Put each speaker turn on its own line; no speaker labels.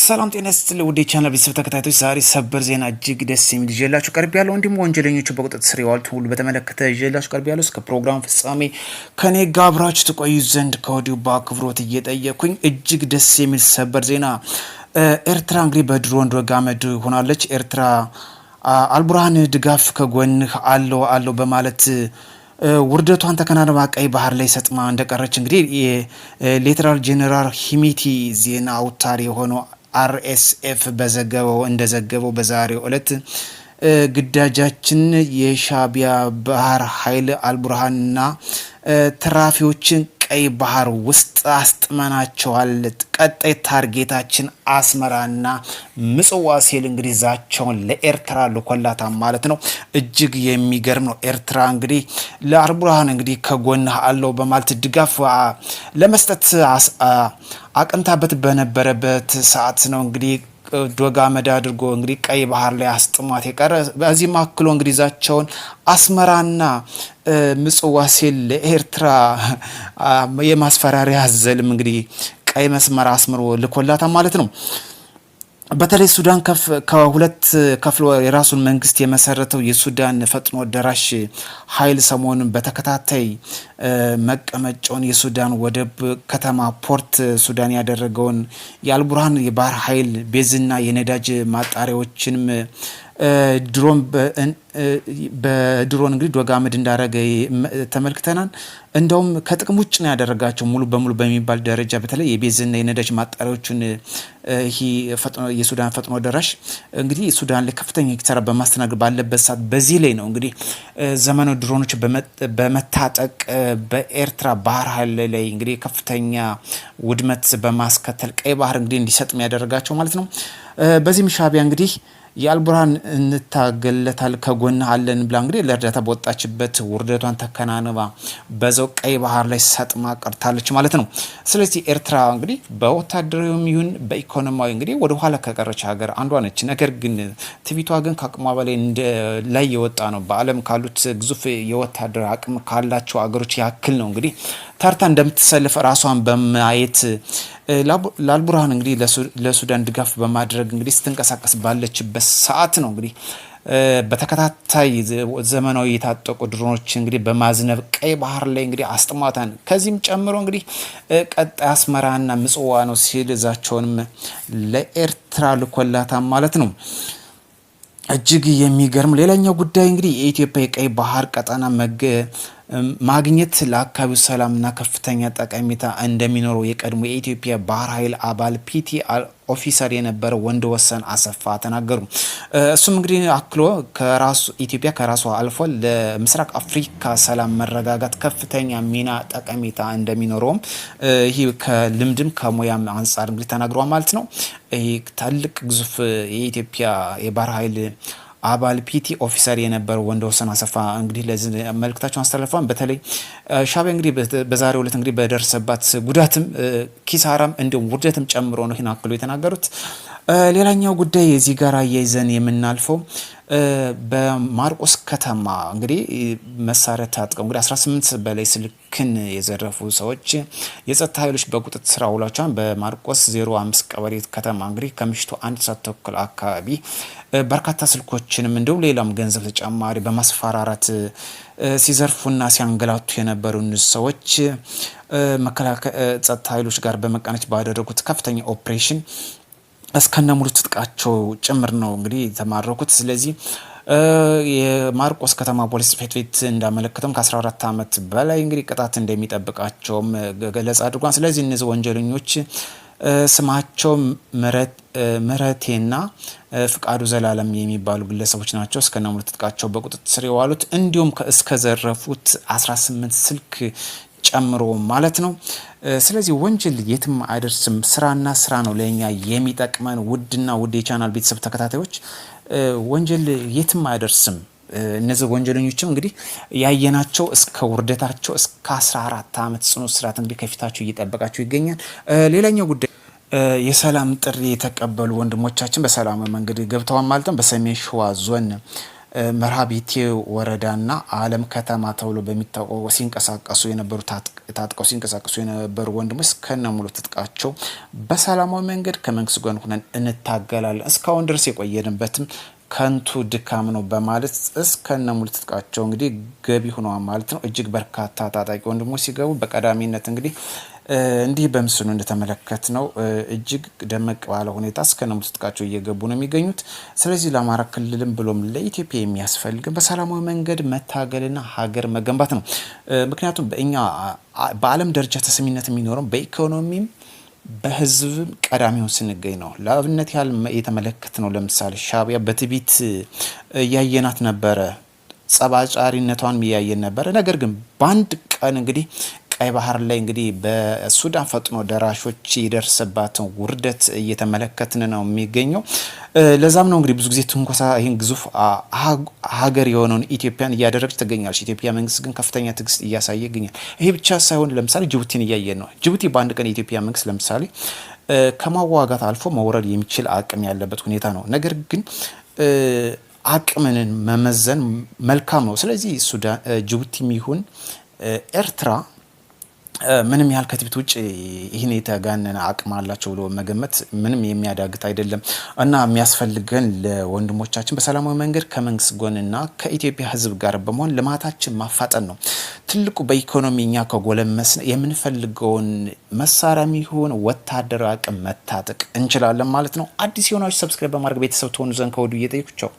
ሰላም ጤና ይስጥልኝ ውድ ቻናል ቤተሰብ ተከታታዮች፣ ዛሬ ሰበር ዜና እጅግ ደስ የሚል ይዤላችሁ ቀርብ ያለው እንዲሁም ወንጀለኞቹ በቁጥጥር ስር የዋሉት ሁሉ በተመለከተ ይዤላችሁ ቀርብ ያለው እስከ ፕሮግራም ፍጻሜ ከኔ ጋር አብራችሁ ትቆዩ ዘንድ ከወዲሁ በአክብሮት እየጠየኩኝ እጅግ ደስ የሚል ሰበር ዜና ኤርትራ እንግዲህ በድሮን ወጋመድ ሆናለች። ኤርትራ አልቡርሃን ድጋፍ ከጎንህ አለው አለው በማለት ውርደቷን ተከናንባ ቀይ ባህር ላይ ሰጥማ እንደቀረች እንግዲህ የሌተናል ጄኔራል ሂሚቲ ዜና አውታር የሆነው አርኤስኤፍ በዘገበው እንደዘገበው በዛሬው ዕለት ግዳጃችን የሻቢያ ባህር ኃይል አልቡርሃንና ትራፊዎችን ቀይ ባህር ውስጥ አስጥመናቸዋል። ቀጣይ ታርጌታችን አስመራና ምጽዋ ሲል እንግዲህ ዛቸውን ለኤርትራ ልኮላታ ማለት ነው። እጅግ የሚገርም ነው። ኤርትራ እንግዲህ ለአልቡርሃን እንግዲህ ከጎንህ አለው በማለት ድጋፍ ለመስጠት አቅንታበት በነበረበት ሰዓት ነው እንግዲህ ዶጋ መዳ አድርጎ እንግዲህ ቀይ ባህር ላይ አስጥሟት የቀረ በዚህ ማክሎ እንግዲህ ዛቸውን አስመራና ምጽዋ ሲል ኤርትራ የማስፈራሪያ ዘልም እንግዲህ ቀይ መስመር አስምሮ ልኮላታ ማለት ነው። በተለይ ሱዳን ከሁለት ከፍሎ የራሱን መንግስት የመሰረተው የሱዳን ፈጥኖ ደራሽ ኃይል ሰሞኑን በተከታታይ መቀመጫውን የሱዳን ወደብ ከተማ ፖርት ሱዳን ያደረገውን የአልቡርሃን የባህር ኃይል ቤዝና የነዳጅ ማጣሪያዎችንም ድሮን በድሮን እንግዲህ ዶግ አመድ እንዳረገ ተመልክተናል። እንደውም ከጥቅም ውጭ ነው ያደረጋቸው ሙሉ በሙሉ በሚባል ደረጃ በተለይ የቤዝና የነዳጅ ማጣሪያዎችን የሱዳን ፈጥኖ ደራሽ እንግዲህ ሱዳን ላይ ከፍተኛ ኪሳራ በማስተናገድ ባለበት ሰዓት በዚህ ላይ ነው እንግዲህ ዘመናዊ ድሮኖች በመታጠቅ በኤርትራ ባህር ኃይል ላይ እንግዲህ ከፍተኛ ውድመት በማስከተል ቀይ ባህር እንግዲህ እንዲሰጥም ያደረጋቸው ማለት ነው። በዚህም ሻቢያ እንግዲህ የአልቡርሃን እንታገለታል ከጎን አለን ብላ እንግዲህ ለእርዳታ በወጣችበት ውርደቷን ተከናንባ በዛው ቀይ ባህር ላይ ሰጥማ ቀርታለች ማለት ነው። ስለዚህ ኤርትራ እንግዲህ በወታደራዊም ይሁን በኢኮኖሚያዊ እንግዲህ ወደ ኋላ ከቀረች ሀገር አንዷ ነች። ነገር ግን ትቢቷ ግን ከአቅሟ በላይ ላይ የወጣ ነው። በዓለም ካሉት ግዙፍ የወታደር አቅም ካላቸው ሀገሮች ያክል ነው። እንግዲህ ተርታ እንደምትሰልፍ ራሷን በማየት ላልቡርሃን እንግዲህ ለሱዳን ድጋፍ በማድረግ እንግዲህ ስትንቀሳቀስ ባለችበት ሰዓት ነው እንግዲህ በተከታታይ ዘመናዊ የታጠቁ ድሮኖች እንግዲህ በማዝነብ ቀይ ባህር ላይ እንግዲህ አስጥሟታን ከዚህም ጨምሮ እንግዲህ ቀጣይ አስመራና ምጽዋ ነው ሲል እዛቸውንም ለኤርትራ ልኮላታ ማለት ነው። እጅግ የሚገርም ሌላኛው ጉዳይ እንግዲህ የኢትዮጵያ የቀይ ባህር ቀጠና መገ ማግኘት ለአካባቢው ሰላምና ከፍተኛ ጠቀሜታ እንደሚኖረው የቀድሞ የኢትዮጵያ ባህር ኃይል አባል ፒቲ ኦፊሰር የነበረ ወንድ ወሰን አሰፋ ተናገሩ። እሱም እንግዲህ አክሎ ከራሱ ኢትዮጵያ ከራሷ አልፎ ለምስራቅ አፍሪካ ሰላም መረጋጋት ከፍተኛ ሚና ጠቀሜታ እንደሚኖረውም ይህ ከልምድም ከሙያም አንጻር እንግዲህ ተናግሯ ማለት ነው። ይህ ትልቅ ግዙፍ የኢትዮጵያ የባህር ኃይል አባል ፒቲ ኦፊሰር የነበረው ወንደወሰን አሰፋ እንግዲህ ለዚህ መልእክታቸውን አስተላልፈዋል። በተለይ ሻዕቢያ እንግዲህ በዛሬው ዕለት እንግዲህ በደረሰባት ጉዳትም ኪሳራም እንዲሁም ውርደትም ጨምሮ ነው ይህን አክሎ የተናገሩት። ሌላኛው ጉዳይ እዚህ ጋር አያይዘን የምናልፈው በማርቆስ ከተማ እንግዲህ መሳሪያ ታጥቀው እንግዲህ 18 በላይ ስልክን የዘረፉ ሰዎች የጸጥታ ኃይሎች በቁጥጥር ስር አውሏቸዋል። በማርቆስ 05 ቀበሌ ከተማ እንግዲህ ከምሽቱ አንድ ሰዓት ተኩል አካባቢ በርካታ ስልኮችንም እንዲሁ ሌላም ገንዘብ ተጨማሪ በማስፈራራት ሲዘርፉና ሲያንገላቱ የነበሩ ሰዎች መከላከያ ጸጥታ ኃይሎች ጋር በመቀናጀት ባደረጉት ከፍተኛ ኦፕሬሽን እስከነ ሙሉ ትጥቃቸው ጭምር ነው እንግዲህ የተማረኩት። ስለዚህ የማርቆስ ከተማ ፖሊስ ጽሕፈት ቤት እንዳመለከተም ከ14 ዓመት በላይ እንግዲህ ቅጣት እንደሚጠብቃቸውም ገለጻ አድርጓል። ስለዚህ እነዚህ ወንጀለኞች ስማቸው ምረቴና ፍቃዱ ዘላለም የሚባሉ ግለሰቦች ናቸው። እስከነ ሙሉ ትጥቃቸው በቁጥጥር ስር የዋሉት እንዲሁም እስከዘረፉት 18 ስልክ ጨምሮ ማለት ነው። ስለዚህ ወንጀል የትም አይደርስም። ስራና ስራ ነው ለእኛ የሚጠቅመን። ውድና ውድ የቻናል ቤተሰብ ተከታታዮች ወንጀል የትም አይደርስም። እነዚህ ወንጀለኞችም እንግዲህ ያየናቸው እስከ ውርደታቸው እስከ 14 ዓመት ጽኑ እስራት እንግዲህ ከፊታቸው እየጠበቃቸው ይገኛል። ሌላኛው ጉዳይ የሰላም ጥሪ የተቀበሉ ወንድሞቻችን በሰላም መንገድ ገብተዋል ማለት ነው በሰሜን ሸዋ ዞን መርሃቤቴ ወረዳና አለም ከተማ ተብሎ በሚታወቀው ሲንቀሳቀሱ የነበሩ ታጥቀው ሲንቀሳቀሱ የነበሩ ወንድሞች እስከነ ሙሉ ትጥቃቸው በሰላማዊ መንገድ ከመንግስት ጎን ሁነን እንታገላለን እስካሁን ድረስ የቆየንበትም ከንቱ ድካም ነው በማለት እስከነ ሙሉ ትጥቃቸው እንግዲህ ገቢ ሆነዋል ማለት ነው። እጅግ በርካታ ታጣቂ ወንድሞች ሲገቡ በቀዳሚነት እንግዲህ እንዲህ በምስሉ እንደተመለከት ነው እጅግ ደመቅ ባለ ሁኔታ እስከ ነሙሉ ትጥቃቸው እየገቡ ነው የሚገኙት። ስለዚህ ለአማራ ክልልም ብሎም ለኢትዮጵያ የሚያስፈልግን በሰላማዊ መንገድ መታገልና ሀገር መገንባት ነው። ምክንያቱም በእኛ በዓለም ደረጃ ተሰሚነት የሚኖረው በኢኮኖሚም በህዝብም ቀዳሚውን ስንገኝ ነው። ለአብነት ያህል የተመለከት ነው ለምሳሌ ሻቢያ በትቢት እያየናት ነበረ ጸባጫሪነቷን እያየን ነበረ። ነገር ግን በአንድ ቀን እንግዲህ ቀይ ባህር ላይ እንግዲህ በሱዳን ፈጥኖ ደራሾች የደረሰባትን ውርደት እየተመለከትን ነው የሚገኘው። ለዛም ነው እንግዲህ ብዙ ጊዜ ትንኮሳ ይህን ግዙፍ ሀገር የሆነውን ኢትዮጵያን እያደረገች ትገኛለች። ኢትዮጵያ መንግስት ግን ከፍተኛ ትዕግስት እያሳየ ይገኛል። ይሄ ብቻ ሳይሆን ለምሳሌ ጅቡቲን እያየን ነው። ጅቡቲ በአንድ ቀን የኢትዮጵያ መንግስት ለምሳሌ ከማዋጋት አልፎ መውረድ የሚችል አቅም ያለበት ሁኔታ ነው። ነገር ግን አቅምን መመዘን መልካም ነው። ስለዚህ ሱዳን ጅቡቲ የሚሆን ኤርትራ ምንም ያህል ከትቢት ውጭ ይህን የተጋነነ አቅም አላቸው ብሎ መገመት ምንም የሚያዳግት አይደለም እና የሚያስፈልገን ለወንድሞቻችን በሰላማዊ መንገድ ከመንግስት ጎንና ከኢትዮጵያ ሕዝብ ጋር በመሆን ልማታችን ማፋጠን ነው። ትልቁ በኢኮኖሚ እኛ ከጎለመስን የምንፈልገውን መሳሪያ የሚሆን ወታደራዊ አቅም መታጠቅ እንችላለን ማለት ነው። አዲስ የሆናችሁ ሰብስክራይብ በማድረግ ቤተሰብ ትሆኑ ዘንድ ከወዲሁ እየጠየኩቸው